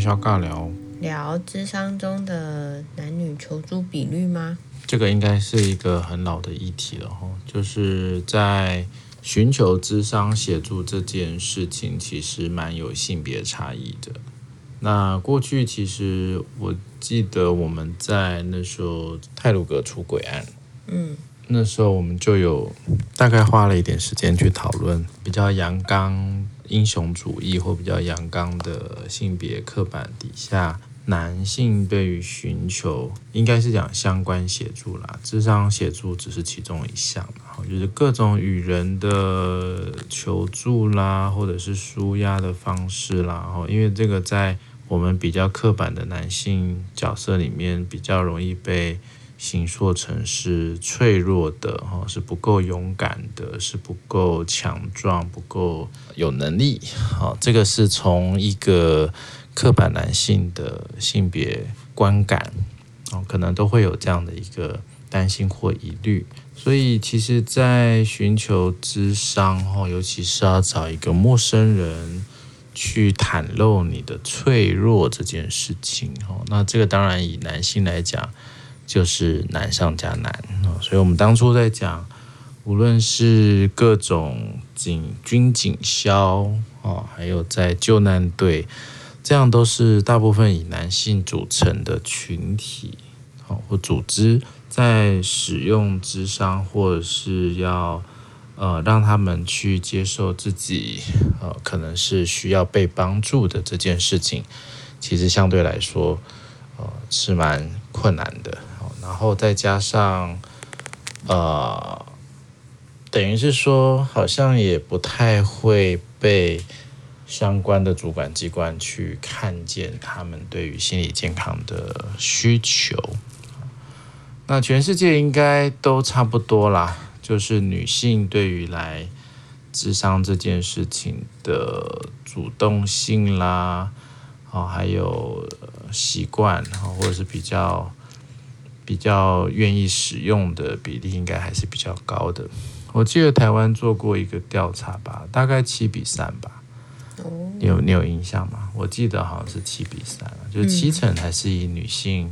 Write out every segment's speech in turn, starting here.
肖尬聊，聊諮商中的男女求助比率嗎？這個應該是一個很老的議題了哈、哦，就是在尋求諮商協助這件事情，其實蠻有性別差異的。那過去其實我記得我們在那時候太魯閣出軌案，嗯。那時候我們就有大概花了一點時間去討論比較陽剛英雄主義或比較陽剛的性別刻板底下，男性對於尋求應該是講相關協助啦，諮商協助只是其中一項，然後就是各種與人的求助啦，或者是紓壓的方式啦，然後因為這個在我們比較刻板的男性角色裡面比較容易被。形塑成是脆弱的哈，是不夠勇敢的，是不夠強壯，不夠有能力哈。這個是從一個刻板男性的性別觀感哦，可能都會有這樣的一個擔心或疑慮。所以其實，在尋求諮商哈，尤其是要找一個陌生人去袒露你的脆弱這件事情哈，那這個當然以男性來講。就是難上加難，所以我們當初在講，無論是各種警、軍警銷、消、哦、啊,還有在救難隊這樣都是大部分以男性組成的群體啊、哦,或組織，在使用諮商或者是要呃讓他們去接受自己呃可能是需要被幫助的這件事情,其實相對來說呃是蠻困難的。然後再加上，呃，等於是說，好像也不太會被相關的主管機關去看見他們對於心理健康的需求。那全世界應該都差不多啦，就是女性對於來諮商這件事情的主動性啦，哦，還有、呃、習慣，然、哦、後或者是比較。比較願意使用的比例應該還是比較高的。我記得台灣做過一個調查吧，大概七比三吧。哦，oh. 你有你有印象嗎？我記得好像是七比三，就七成還是以女性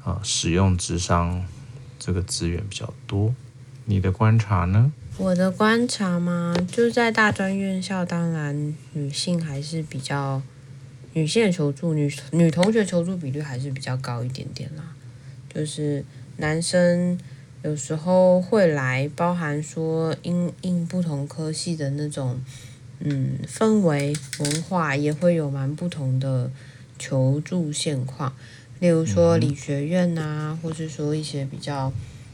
啊、嗯、呃，使用諮商這個資源比較多。你的觀察呢？我的觀察嘛，就在大專院校，當然女性還是比較女性的求助，女女同學求助比率還是比較高一點點啦。就是男生有時候會來，包含說因應不同科系的那種，嗯，氛圍文化也會有蠻不同的求助現況。例如說理學院啊，或是說一些比較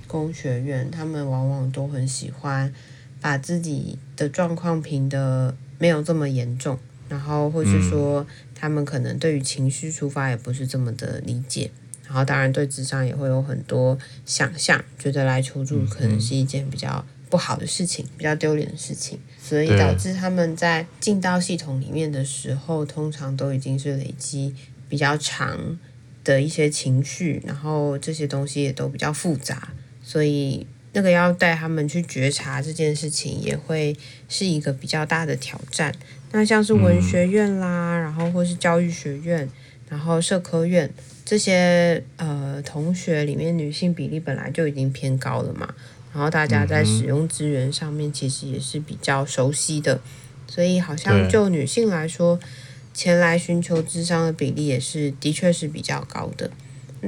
工學院，他們往往都很喜歡把自己的狀況評得沒有這麼嚴重，然後或是說他們可能對於情緒出發也不是這麼的理解。然後當然對諮商，也會有很多想象，覺得來求助可能是一件比較不好的事情，比較丟臉的事情，所以導致他們在進到系統裡面的時候，對通常都已經是累積比較長的一些情緒，然後這些東西也都比較複雜，所以那個要帶他們去覺察這件事情，也會是一個比較大的挑戰。那像是文學院啦，嗯、然後或是教育學院，然後社科院這些呃同學裡面，女性比例本來就已經偏高了嘛。然後大家在使用資源上面，其實也是比較熟悉的。所以好像就女性來說，對前來尋求諮商的比例也是的確是比較高的。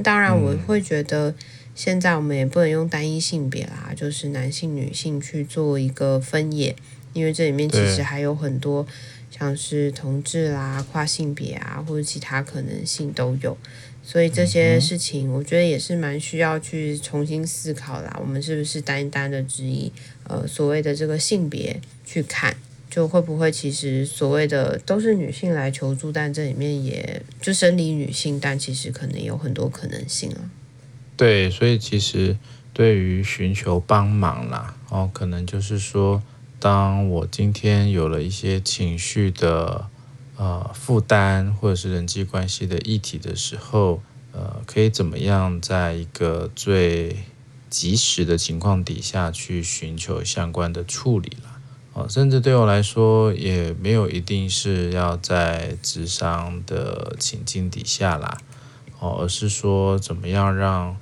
當然，我會覺得現在我們也不能用單一性別啦，就是男性、女性去做一個分野，因為這裡面其實還有很多。像是同志啦、跨性別啊，或者其他可能性都有，所以這些事情我覺得也是蠻需要去重新思考啦。嗯嗯，我們是不是單單的只以呃所謂的這個性別去看，就會不會其實所謂的都是女性來求助，但這裡面也就生理女性，但其實可能有很多可能性啊。對，所以其實對於尋求幫忙啦，哦，可能就是說。當我今天有了一些情緒的呃負擔，或者是人際關係的議題的時候，呃，可以怎麼樣在一個最及時的情況底下去尋求相關的處理了。哦、呃，甚至對我來說，也沒有一定是要在諮商的情境底下啦，哦、呃，而是說怎麼樣讓。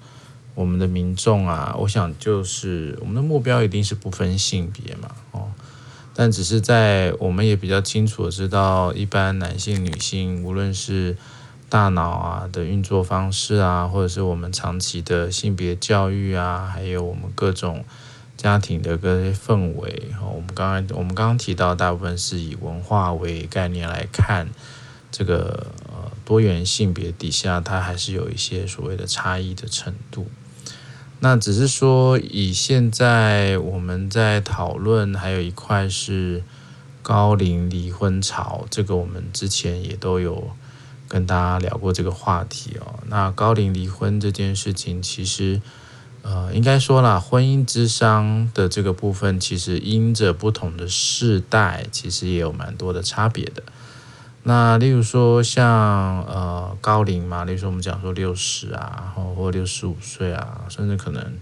我們的民眾啊，我想就是我們的目標一定是不分性別嘛，哦，但只是在我們也比較清楚的知道，一般男性、女性，無論是大腦啊的運作方式啊，或者是我們長期的性別教育啊，還有我們各種家庭的各些氛圍，哦，我們剛剛我們剛剛提到，大部分是以文化為概念來看這個呃多元性別底下，它還是有一些所謂的差異的程度。那只是說，以現在我們在討論，還有一塊是高齡離婚潮，這個我們之前也都有跟大家聊過這個話題哦。那高齡離婚這件事情，其實呃，應該說啦，婚姻諮商的這個部分，其實因着不同的世代，其實也有蠻多的差別的。那例如說像呃高齡嘛，例如說我們講說六十啊，然、哦、後或六十五歲啊，甚至可能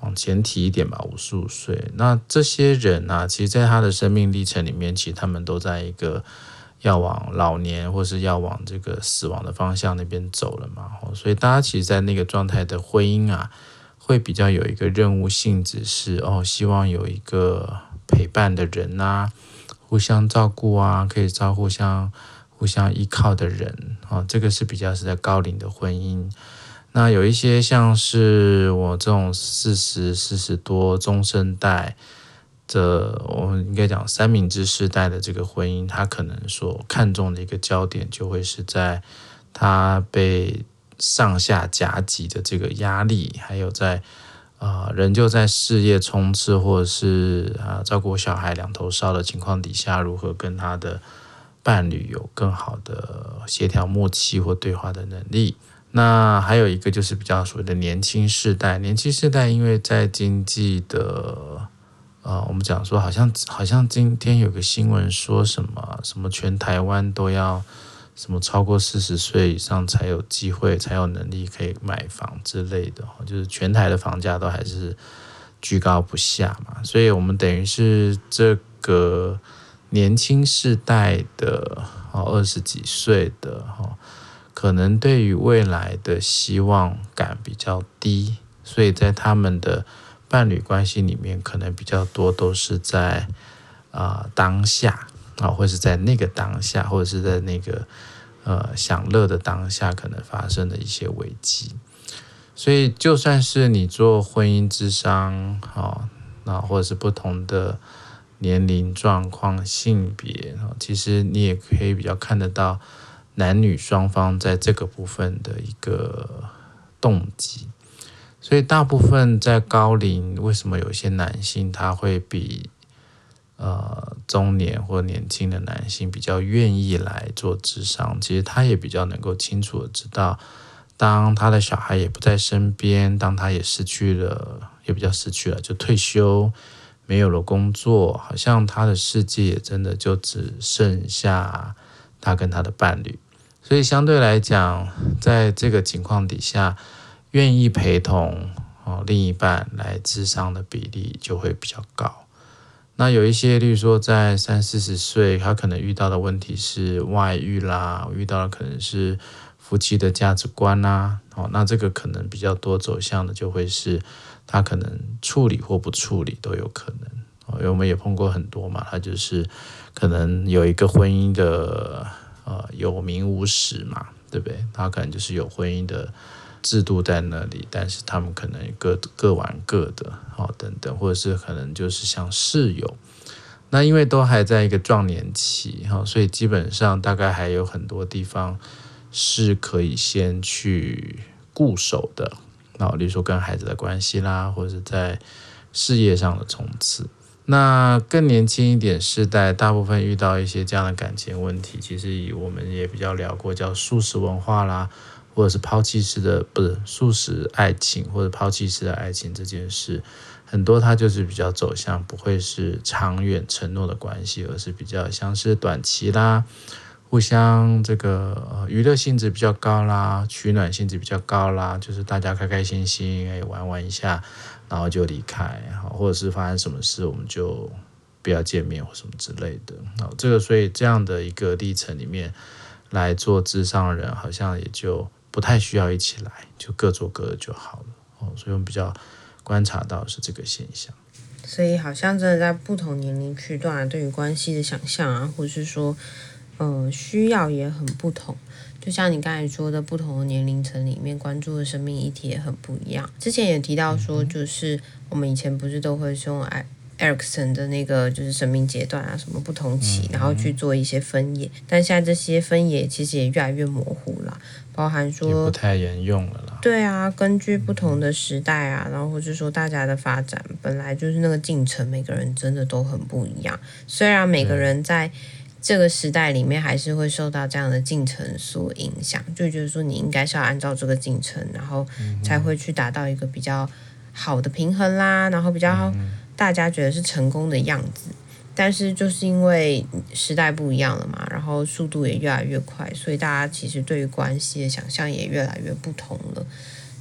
往前提一點吧，五十五歲。那這些人呢、啊，其實，在他的生命歷程裡面，其實他們都在一個要往老年或是要往這個死亡的方向那邊走了嘛。哦、所以，大家其實，在那個狀態的婚姻啊，會比較有一個任務性質是，是哦，希望有一個陪伴的人吶、啊，互相照顧啊，可以照顧像。互相依靠的人，啊、哦，這個是比較是在高齡的婚姻。那有一些像是我這種四十、四十多中生代的，我們應該講三明治世代的這個婚姻，他可能所看重的一個焦點，就會是在他被上下夾擊的這個壓力，還有在啊，仍、呃、舊在事業衝刺或者是啊、呃、照顧小孩兩頭燒的情況底下，如何跟他的。伴侶有更好的協調默契或對話的能力。那還有一個就是比較所謂的年輕世代，年輕世代因為在經濟的呃，我們講說好像好像今天有個新聞說什麼什麼全台灣都要什麼超過四十歲以上才有機會才有能力可以買房之類的，就是全台的房價都還是居高不下嘛，所以我們等於是這個。年輕世代的二十幾歲的可能對於未來的希望感比較低，所以在他們的伴侶關係裡面，可能比較多都是在啊、呃、當下啊，或是在那個當下，或者是在那個呃享樂的當下可能發生的一些危機。所以，就算是你做婚姻諮商啊，那或者是不同的。年齡、狀況、性別，其實你也可以比較看得到男女雙方在這個部分的一個動機。所以，大部分在高齡，為什麼有些男性他會比呃中年或年輕的男性比較願意來做諮商？其實他也比較能夠清楚的知道，當他的小孩也不在身邊，當他也失去了，也比較失去了，就退休。沒有了工作，好像他的世界真的就只剩下他跟他的伴侶，所以相對來講，在這個情況底下，願意陪同哦另一半來諮商的比例就會比較高。那有一些，例如說在三四十歲，他可能遇到的問題是外遇啦，遇到的可能是。夫妻的價值觀啊，好，那這個可能比較多走向的就會是，他可能處理或不處理都有可能哦。因為我們也碰過很多嘛，他就是可能有一個婚姻的呃，有名無實嘛，對不對？他可能就是有婚姻的制度在那裡，但是他們可能各各玩各的，好，等等，或者是可能就是像室友，那因為都還在一個壯年期哈，所以基本上大概還有很多地方，是可以先去固守的，那例如說跟孩子的關係啦，或者是在事業上的衝刺。那更年輕一點世代，大部分遇到一些這樣的感情問題，其實以我們也比較聊過，叫速食文化啦，或者是拋棄式的，不是速食愛情或者拋棄式的愛情這件事，很多它就是比較走向不會是長遠承諾的關係，而是比較像是短期啦。互相這個娛樂性質比較高啦，取暖性質比較高啦，就是大家開開心心哎玩玩一下，然後就離開，好，或者是發生什麼事，我們就不要見面或什麼之類的。好，這個所以這樣的一個歷程裡面來做諮商人，好像也就不太需要一起來，就各做各的就好了。哦，所以我們比較觀察到是這個現象。所以好像真的在不同年齡區段，對於關係的想象啊，或是說。呃，需要也很不同，就像你剛才說的，不同的年齡層裡面關注的生命議題也很不一樣。之前也提到說，就是嗯嗯我們以前不是都會是用 Erikson 的那個就是生命階段啊，什麼不同期，嗯嗯然後去做一些分野。但現在這些分野其實也越來越模糊了，包含說不太沿用了啦。對啊，根據不同的時代啊，然後或者說大家的發展，嗯嗯本來就是那個進程，每個人真的都很不一樣。雖然每個人在這個時代裡面還是會受到這樣的進程所影響，就覺得說你應該是要按照這個進程，然後才會去達到一個比較好的平衡啦，然後比較大家覺得是成功的樣子。但是就是因為時代不一樣了嘛，然後速度也越來越快，所以大家其實對於關係的想象也越來越不同了。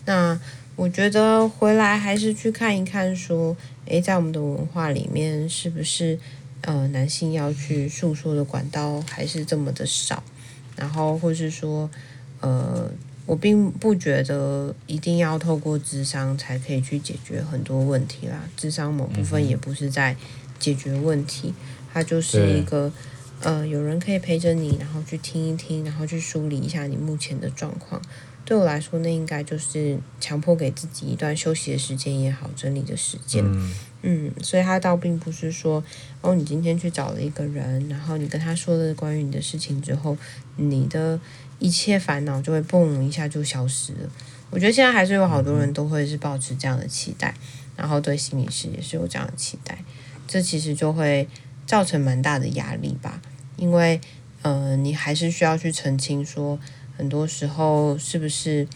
那我覺得回來還是去看一看，說，誒，在我們的文化裡面是不是？呃，男性要去訴說的管道還是這麼的少，然後或是說，呃，我並不覺得一定要透過諮商才可以去解決很多問題啦。諮商某部分也不是在解決問題，嗯、哼它就是一個對呃，有人可以陪着你，然後去聽一聽，然後去梳理一下你目前的狀況。對我來說，那應該就是強迫給自己一段休息的時間也好，整理的時間。嗯嗯，所以他倒並不是說，哦，你今天去找了一個人，然後你跟他說的關於你的事情之後，你的一切煩惱就會蹦一下就消失了。我覺得現在還是有好多人都會是保持這樣的期待，然後對心理師也是有這樣的期待，這其實就會造成蠻大的壓力吧，因為，呃，你還是需要去澄清說，很多時候是不是？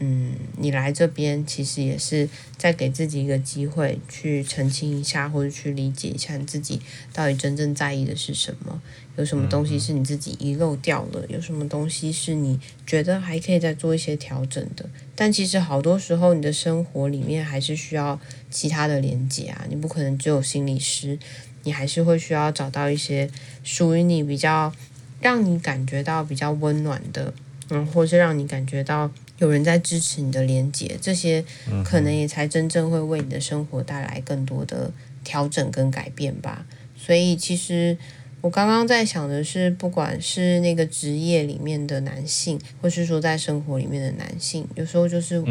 嗯，你來這邊其實也是在給自己一個機會，去澄清一下或者去理解一下你自己到底真正在意的是什麼，有什麼東西是你自己遺漏掉了，有什麼東西是你覺得還可以再做一些調整的。但其實好多時候，你的生活裡面還是需要其他的連接啊，你不可能只有心理師，你還是會需要找到一些屬於你比較讓你感覺到比較溫暖的，然後，嗯，或是讓你感覺到，有人在支持你的連結，這些可能也才真正會為你的生活帶來更多的調整跟改變吧。所以，其實我剛剛在想的是，不管是那個職業裡面的男性，或是說在生活裡面的男性，有時候就是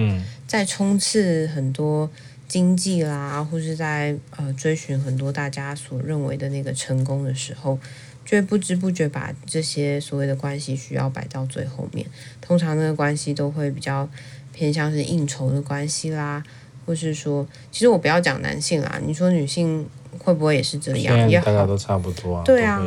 在衝刺很多經濟啦，或是在呃追尋很多大家所認為的那個成功的時候。就不知不覺把這些所謂的關係需要擺到最後面，通常那個關係都會比較偏向是應酬的關係啦，或是說，其實我不要講男性啦，你說女性會不會也是這樣？大家都差不多啊，對啊。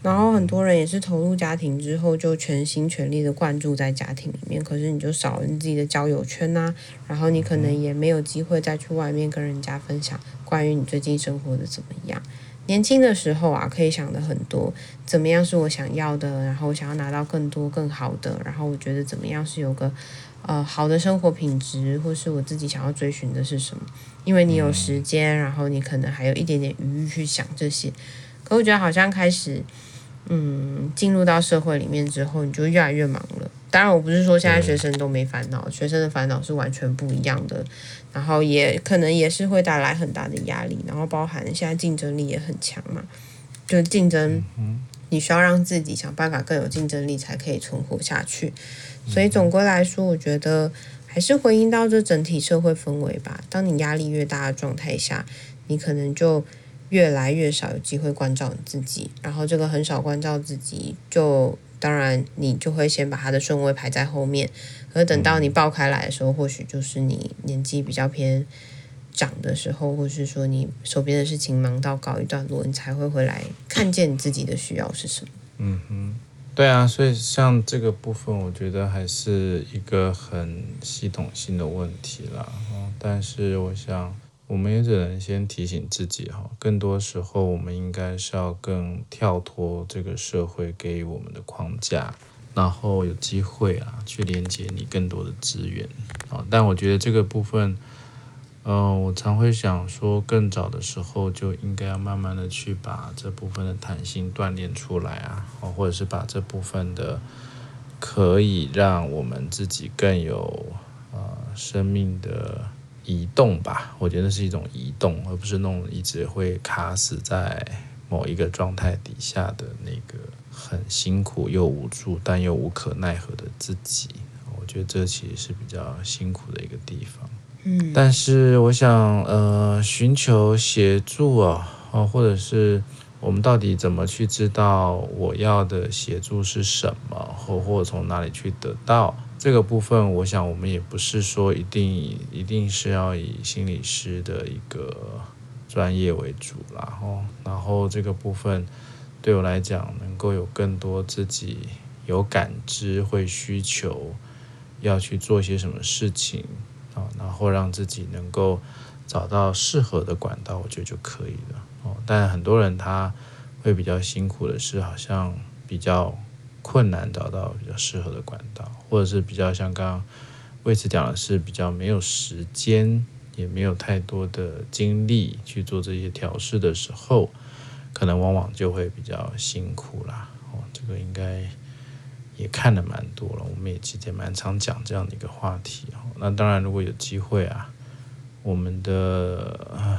然後很多人也是投入家庭之後，就全心全力的灌注在家庭裡面，可是你就少了你自己的交友圈吶啊，然後你可能也沒有機會再去外面跟人家分享關於你最近生活的怎麼樣。年輕的時候啊，可以想得很多，怎麼樣是我想要的，然後想要拿到更多更好的，然後我覺得怎麼樣是有個，呃，好的生活品質，或是我自己想要追尋的是什麼？因為你有時間，然後你可能還有一點點餘裕去想這些。可我覺得好像開始，嗯，進入到社會裡面之後，你就越來越忙了。當然，我不是說現在學生都沒煩惱，學生的煩惱是完全不一樣的。然後也可能也是會帶來很大的壓力，然後包含現在競爭力也很強嘛，就競爭，你需要讓自己想辦法更有競爭力才可以存活下去。所以總歸來說，我覺得還是回應到這整體社會氛圍吧。當你壓力越大的狀態下，你可能就越來越少有機會關照你自己，然後這個很少關照自己就。當然，你就會先把它的順位排在後面，可是等到你爆開來的時候，或許就是你年紀比較偏長的時候，或是說你手邊的事情忙到告一段落，你才會回來看見你自己的需要是什麼。嗯哼，對啊，所以像這個部分，我覺得還是一個很系統性的問題啦。但是我想。我們也只能先提醒自己哈，更多時候我們應該是要更跳脫這個社會給予我們的框架，然後有機會啊，去連接你更多的資源，啊，但我覺得這個部分，嗯，呃，我常會想說，更早的時候就應該要慢慢的去把這部分的彈性鍛鍊出來啊，或者是把這部分的，可以讓我們自己更有啊，呃，生命的。移動吧，我覺得是一種移動，而不是那種一直會卡死在某一個狀態底下的那個很辛苦又無助但又無可奈何的自己。我覺得這其實是比較辛苦的一個地方。嗯，但是我想呃，尋求協助啊、哦，啊、哦，或者是。我們到底怎麼去知道我要的協助是什麼，或或從哪裡去得到這個部分？我想我們也不是說一定一定是要以心理師的一個專業為主啦，哦，然後這個部分對我來講，能夠有更多自己有感知會需求要去做些什麼事情啊、哦，然後讓自己能夠找到適合的管道，我覺得就可以了。但很多人他會比較辛苦的是，好像比較困難找到比較適合的管道，或者是比較像剛剛為此講的是比較沒有時間，也沒有太多的精力去做這些調試的時候，可能往往就會比較辛苦啦。哦，這個應該也看得蠻多了，我們也其實也蠻常講這樣的一個話題。哦，那當然如果有機會啊，我們的。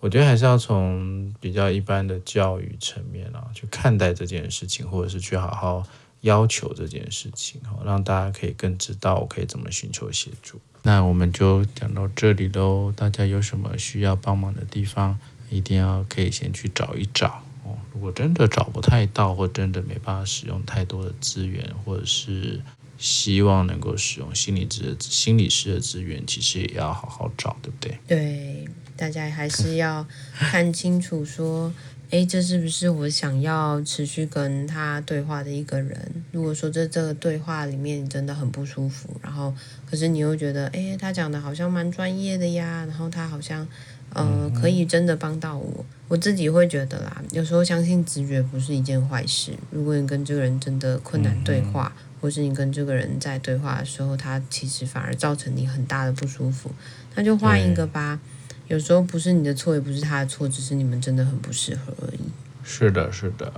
我覺得還是要從比較一般的教育層面啊去看待這件事情，或者是去好好要求這件事情，好，哦，讓大家可以更知道我可以怎麼尋求協助。那我們就講到這裡嘍，大家有什麼需要幫忙的地方，一定要可以先去找一找哦。如果真的找不太到，或真的沒辦法使用太多的資源，或者是。希望能夠使用心理資心理師的資源，其實也要好好找，對不對？對，大家還是要看清楚，說， 誒，這是不是我想要持續跟他對話的一個人？如果說在這，這個對話裡面你真的很不舒服，然後可是你又覺得，誒，他講的好像蠻專業的呀，然後他好像，呃，嗯、哼可以真的幫到我，我自己會覺得啦。有時候相信直覺不是一件壞事。如果你跟這個人真的困難對話，嗯或是你跟這個人在對話的時候，他其實反而造成你很大的不舒服，那就換一個吧。對有時候不是你的錯，也不是他的錯，只是你們真的很不適合而已。是的，是的，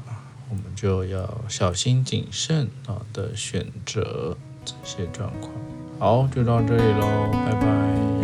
我們就要小心謹慎啊的選擇這些狀況。好，就到這裡嘍，拜拜。